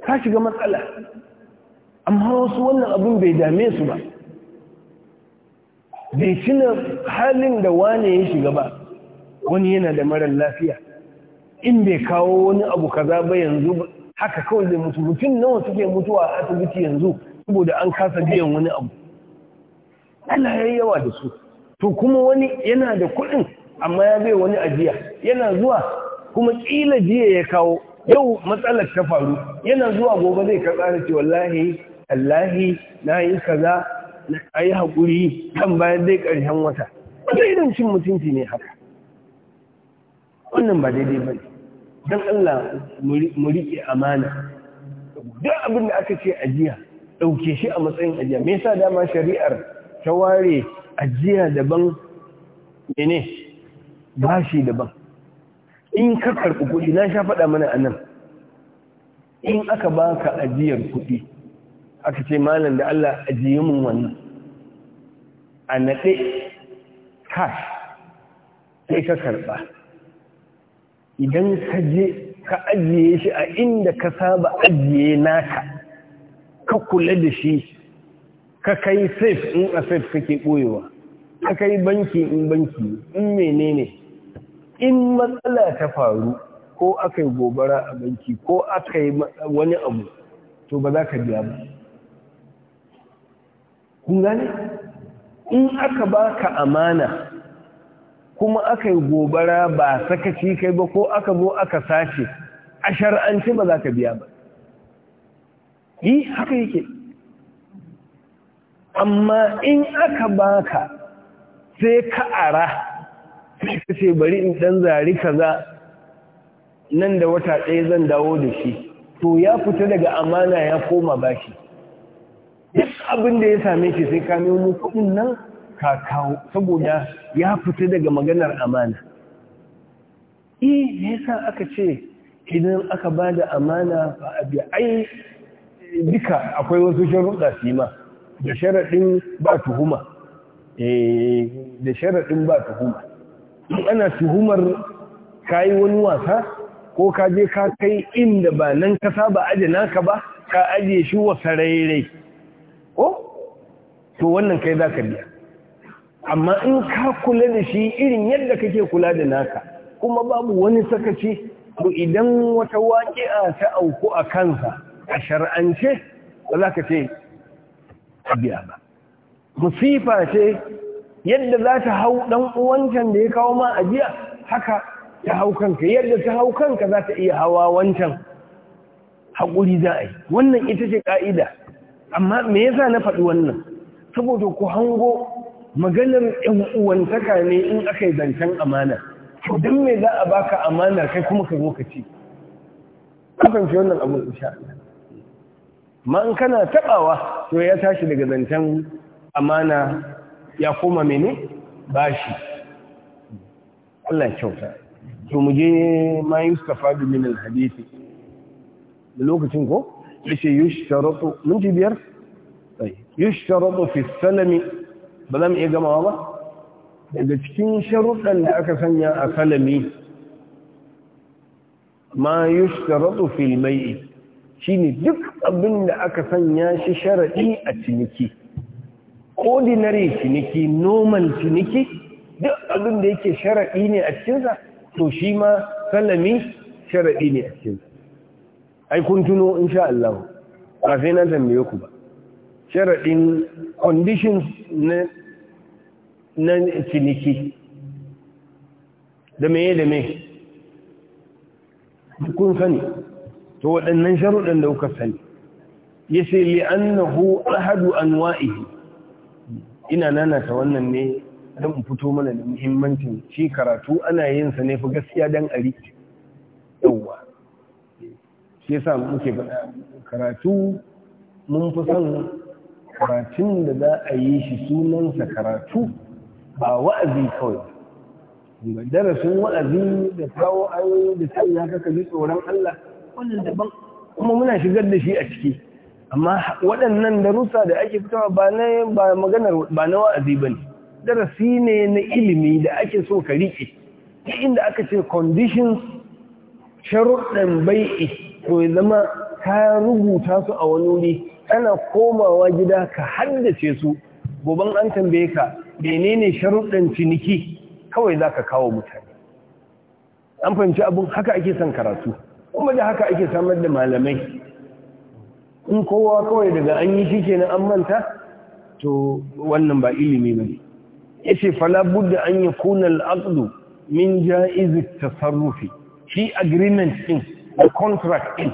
S1: ka shiga matsala amma wasu wannan abin bai dame su ba bai cina halin da wane ya shiga ba wani yana da marar lafiya in bai kawo wani abu kaza ba yanzu haka kawai zai mutu mutum nawa suke mutuwa a asibiti yanzu saboda an kasa biyan wani abu Allah ya yawa da su to kuma wani yana da kuɗin amma ya bai wani ajiya yana zuwa kuma ƙila jiya ya kawo yau matsalar ta faru yana zuwa gobe zai karɓa ce wallahi allahi na yi kaza na ayi haƙuri kan bayan dai ƙarshen wata wata irin cin mutunci ne haka wannan ba daidai ba ne don allah mu riƙe amana duk abin da aka ce ajiya ɗauke shi a matsayin ajiya me yasa dama shari'ar ta ware ajiya daban ne bashi daban in ka karɓi kuɗi na sha faɗa mana a nan in aka baka ajiyar kuɗi aka ce malam da Allah ajiye mun wannan a naɗe cash sai ka karɓa idan ka je ka ajiye shi a inda ka saba ajiye naka ka kula da shi ka kai safe in a safe kake ɓoyewa ka kai banki in banki in menene in matsala ta faru ko aka yi gobara a banki ko aka yi wani abu to ba za ka biya ba kun gane in aka baka amana kuma aka yi gobara ba sakaci kai ba ko aka zo aka sace a shar'anci ba za ka biya ba yi haka yake amma in aka baka sai ka ara sai ka ce bari in ɗan zari kaza nan da wata ɗaya zan dawo da shi to ya fita daga amana ya koma ba shi. duk abin da ya same shi sai ka nemo kuɗin nan ka kawo saboda ya fita daga maganar amana eh yasa aka ce idan aka ba da amana ba a biya ai duka akwai wasu sharuɗa su da sharaɗin ba tuhuma eh, da sharaɗin ba tuhuma ana tuhumar ka yi wani wasa ko ka je ka kai inda ba nan ka ba aje naka ba ka aje shi wa rairai ko to wannan kai za ka biya amma in ka kula da shi irin yadda kake kula da naka kuma babu wani sakaci to idan wata waƙi'a ta auku a kansa a shar'ance ba za ka ce tabiya ba musifa ce yadda za ta hau ɗan uwancan da ya kawo ma a jiya haka ta hau kanka yadda ta hau kanka za ta iya hawa wancan haƙuri za a yi wannan ita ce ƙa'ida amma me yasa na faɗi wannan saboda ku hango maganar ‘yan uwantaka ne in aka yi zancen amana to don me za a baka amanar kai kuma ka zo ka ci kukan fi wannan abin insha ma in kana tabawa to ya tashi daga zancen amana ya kuma mene bashi Allah kyauta to mu je ma yustafadu min alhadith da lokacin ko yace yushtaratu minti biyar yushtaratu fi salami ba za mu iya gamawa ba daga cikin sharuɗan da aka sanya a salami ma yushtaratu fil mai'i ne duk abin da aka sanya shi sharaɗi a ciniki ordinary ciniki normal ciniki duk abin da yake sharaɗi ne a cikinsa to shi ma salami sharaɗi ne a cikinsa ai kun tuno insha Allah ba sai na tambaye ku ba sharaɗin conditions na na ciniki da me da me kun sani to waɗannan sharuɗan da kuka sani ya ce li'annahu ahadu anwa'ihi ina nanata wannan ne don fito mana da muhimmancin shi karatu ana yin sa ne fa gaskiya dan a riƙe shi yasa muke faɗa karatu mun fi son karatun da za a yi shi sunansa karatu ba wa'azi kawai darasin wa'azi da kawo ayoyi da ya kaka ji tsoron Allah wannan daban kuma muna shigar da shi a ciki amma waɗannan darussa da ake fitowa ba na ba ba na wa'azi bane darasi ne na ilimi da ake so ka rike inda aka ce conditions sharuɗan bai'i ko ya zama ka rubuta su a wani wuri ana komawa gida ka haddace su goban an tambaye ka menene sharuɗan ciniki kawai za ka kawo mutane an fahimci abin haka ake son karatu kuma da haka ake samar da malamai in kowa kawai daga an yi shi na an manta to wannan ba ilimi ba ne ya ce falabudda an yi kunan al'adu min ja'izu sarrufi, shi agreement in, da contract ɗin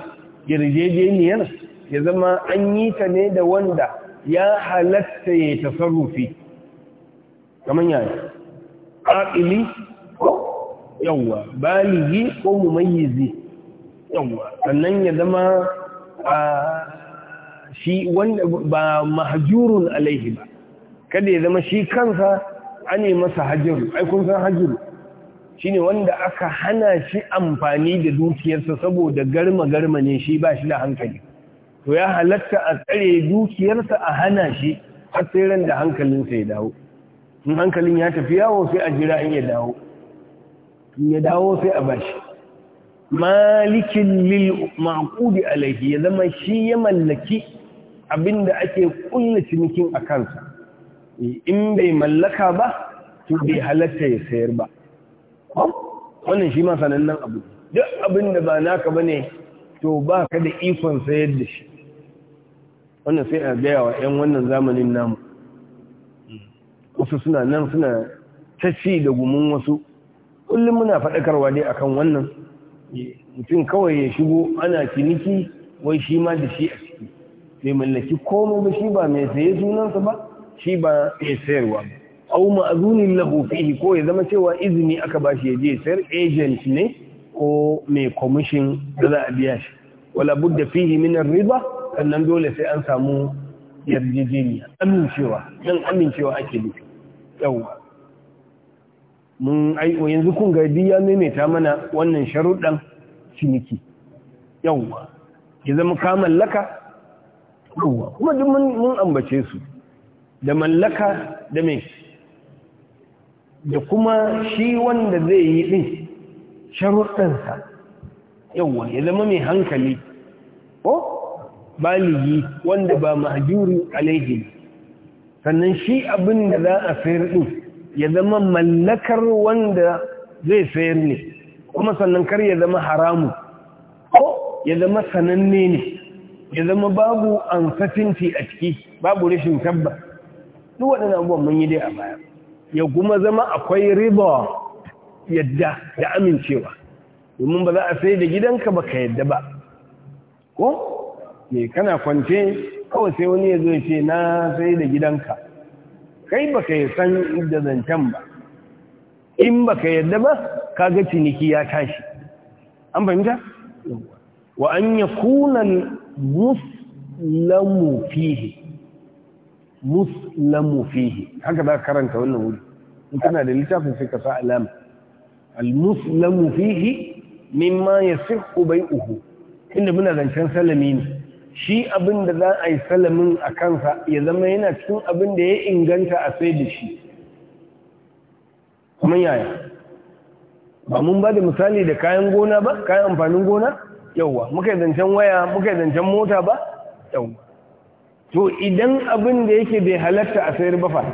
S1: yarjejeniyar ya zama an yi ta ne da wanda ya halatta ya ta tasarrufi kamar yaya ƙaƙili ko yawwa baligi ko mumayyizi sannan ya zama shi wanda ba mahajurun alaihi ba kada ya zama shi kansa ne masa hajjiru Hajaru san hajjiru shi shine wanda aka hana shi amfani da dukiyarsa saboda garma garma ne shi ba shi da hankali to ya halatta a tsare dukiyarsa a hana shi a tseren da hankalinsa ya dawo in hankalin ya tafi yawo sai a jira in in ya dawo sai a bashi malikin lil maqudi alaihi ya zama shi ya mallaki abinda ake kullu cinikin a kansa in bai mallaka ba to bai halatta ya sayar ba wannan shi ma sanannen abu duk abinda ba naka bane to ba ka da ikon sayar da shi wannan sai a gaya wa 'yan wannan zamanin namu wasu suna nan suna tashi da gumin wasu kullum muna faɗakarwa dai akan wannan mutum kawai ya shigo ana ciniki wai shi ma da shi a ciki sai mallaki komai ba shi ba mai saye sunansa ba shi ba mai sayarwa ba au ma'azunin lahu ko ya zama cewa izini aka ba shi ya je sayar agent ne ko mai commission da za a biya shi wala budda fihi min riba sannan dole sai an samu yarjejeniya amincewa amincewa ake nufi yawwa mun aiko yanzu kun ga ya maimaita mana wannan sharuɗan ciniki yawwa ki zama ka mallaka yawwa kuma duk mun ambace su da mallaka da mai da kuma shi wanda zai yi ɗin sharuɗansa yawwa ya zama mai hankali ko baligi wanda ba mahjuri alaihi sannan shi abin da za a sayar ɗin ya zama mallakar wanda zai sayar ne kuma sannan kar ya zama haramu ko ya zama sananne ne ya zama babu uncertainty a ciki babu rashin tabba duk waɗannan abubuwan mun dai a baya ya kuma zama akwai riba yadda da amincewa domin ba za a sai da gidanka ba ka yadda ba ko ne eh, kana kwance kawai sai wani ya zo ce na sai da gidanka kai baka yi san inda zancen ba in baka yadda ba ka ga ciniki ya tashi an fahimta wa an kunan muslamu fihe muslamu fihe, haka za karanta wannan wuri in kana da littafin sai ka sa alama al-muslamu fihe mimma bai uhu, inda muna zancen salami ne shi abin da za a yi salamin a kansa ya zama yana cikin abin da ya inganta a sai da shi kuma yaya ba mun ba da misali da kayan gona ba kayan amfanin gona yauwa muka yi zancen waya muka yi zancen mota ba yauwa to idan abin da yake bai halatta a sayar ba fa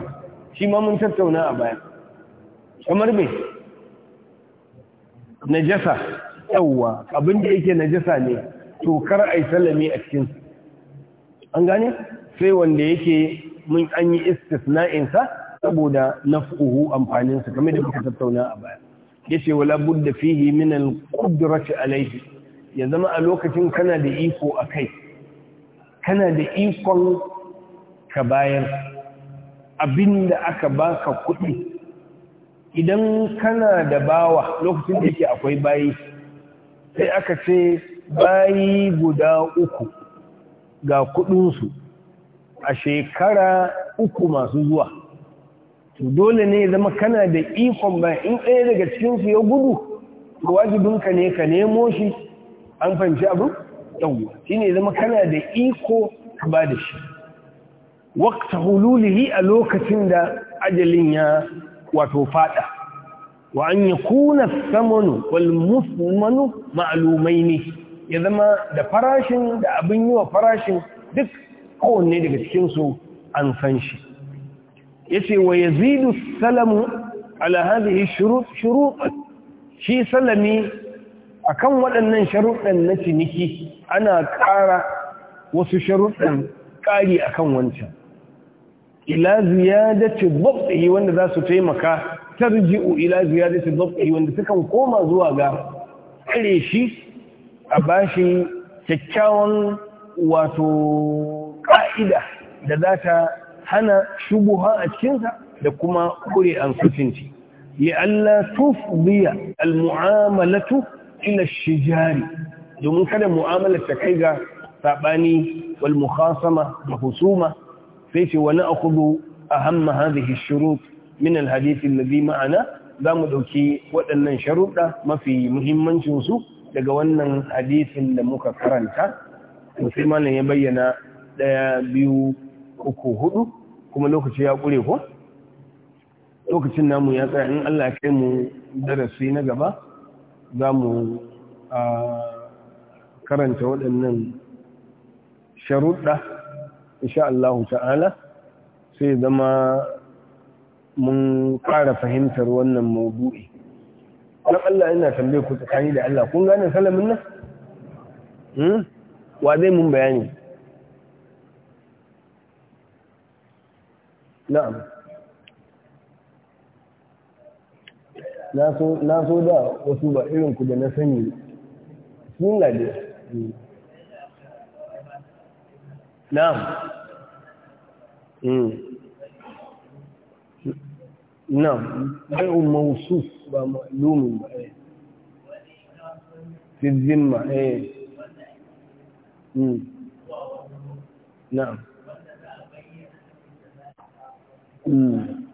S1: shi ma mun tattauna a baya kamar bai najasa yauwa abin da yake najasa ne to kar a sallame a cikin an gane sai wanda yake mun an yi istisna'insa saboda naf'uhu amfaninsa kamar da muka tattauna a baya yace wala budda fihi min al-qudrati alayhi ya zama a lokacin kana da iko akai kana da ikon ka bayar abinda aka baka kuɗi idan kana da bawa lokacin da yake akwai bayi sai aka ce bayi guda uku ga kudinsu a shekara uku masu zuwa to dole ne zama kana da ikon ba in ɗaya daga cikinsu ya gudu to wajibinka ne ka nemo shi an fahimci abu yawwa shi ne zama kana da iko ka ba da shi wakta hululihi a lokacin da ajalin ya wato fada wa an kuna samanu wal ma'alumai ne ya zama da farashin da abin yi wa farashin duk kowanne daga cikinsu an san shi ya ce wa ya zidu salamu alhazihi shuruɗin shi salami a kan waɗannan sharuɗin na ciniki ana ƙara wasu sharuɗin ƙari a kan wancan ila ziyadati dabtihi wanda za su taimaka tarji'u ila ziyadati dabtihi wanda sukan koma zuwa ga kare shi a bashi kyakkyawan wato ƙa'ida da za ta hana shubuha a cikinsa da kuma kure an kucinci ya Allah tufdiya al-mu'amalatu ila shijari domin kada mu'amalar ta kai ga saɓani wal mukhasama da husuma sai ce wani akudu a hamma hadhihi shurut min al-hadith alladhi ma'ana mu dauki waɗannan sharuɗa mafi muhimmancin su daga wannan hadisin da muka karanta musulman ya bayyana ɗaya biyu uku hudu kuma lokaci ya ƙure ko lokacin namu ya tsaya in Allah kai mu darasi na gaba za mu karanta waɗannan sharuɗa insha Allah ta'ala sai zama mun ƙara fahimtar wannan maudu'i dan Allah yana tambaye ku tsakani da Allah kun gane salamin nan hmm wa zai mun bayani na'am na so da wasu ba irin ku da na sani sun gade. na'am hmm. na'am bai'un mawsuf ba ma'lumin ba ɗaya eh.
S2: fi zimma eh
S1: hmm. na'am hmm.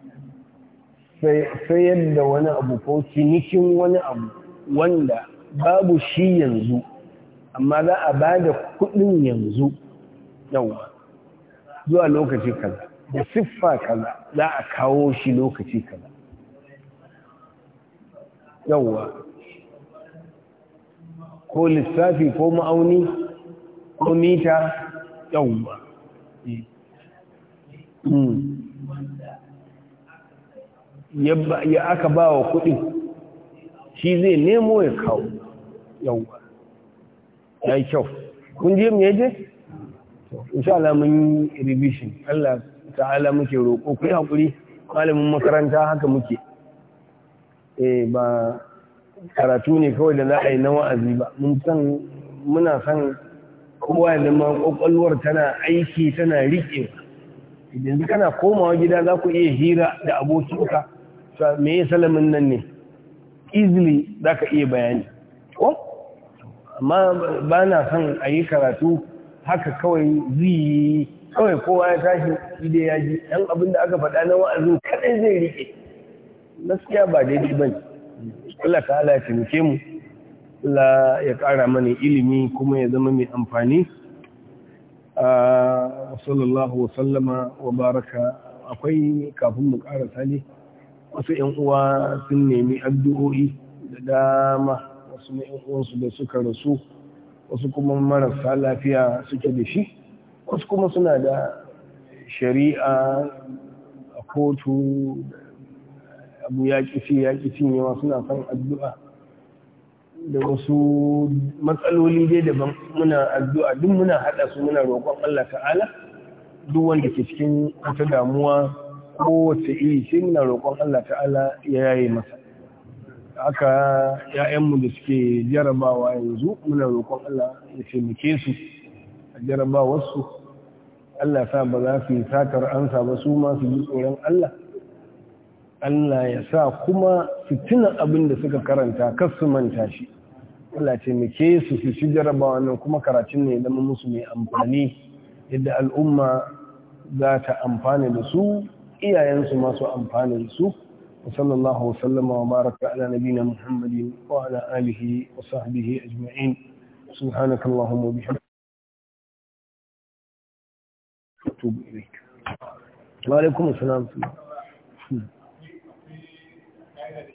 S1: sayar da wani abu ko cinikin wani abu wanda babu shi yanzu amma za a ba da kudin yanzu yawa zuwa lokaci kaza da siffa kaza za a kawo shi lokaci kaza yawwa ko lissafi ko ma'auni ko mita yawwa hmm. Hmm. ya aka ba wa kuɗi shi zai nemo ya kawo yawwa ya yi kyau kun je mu yaje? insha Allah mun revision Allah ta'ala muke roƙo ku yi haƙuri malamin makaranta haka muke eh ba karatu ne kawai da za a yi na wa'azi ba mun san muna san kowa ya zama kwakwalwar tana aiki tana riƙe idan kana komawa gida za ku iya hira da abokinka ta me ya salamin nan ne easily za ka iya bayani ko amma ba na son a yi karatu haka kawai ziyi kawai kowa ya tashi idai ya ji ɗan abin da aka faɗa na wa'azin kaɗai zai riƙe gaskiya ba daidai bane Allah ta'ala ya taimake mu Allah ya ƙara mana ilimi kuma ya zama mai amfani ah, a sallallahu sallama wa baraka akwai kafin mu ƙara sani. wasu ƴan uwa sun nemi addu'o'i da dama wasu ƴan uwansu da suka rasu wasu kuma marasa lafiya suke da shi wasu kuma suna da shari'a a kotu da abu ya ce ya ƙici yawa suna son addu'a da wasu matsaloli dai daban muna addu'a duk muna haɗa su muna roƙon Allah ta'ala duk wanda ke cikin wata damuwa kowace iri sai muna roƙon Allah ta'ala ya yaye masa haka ‘ya'yanmu da suke jarabawa yanzu muna roƙon Allah ya taimake su a jarabawarsu Allah sa ba za su yi satar ansa ba su masu su ji tsoron Allah Allah ya sa kuma su tuna abin da suka karanta kar su manta shi Allah ce mai ke su su shi jaraba wannan kuma karatun ne zama musu mai amfani yadda al'umma za ta amfani da su iyayensu masu amfani da su وصلى الله وسلم وبارك على نبينا محمد وعلى آله وصحبه أجمعين سبحانك اللهم وبحمدك أتوب إليك وعليكم السلام ورحمة الله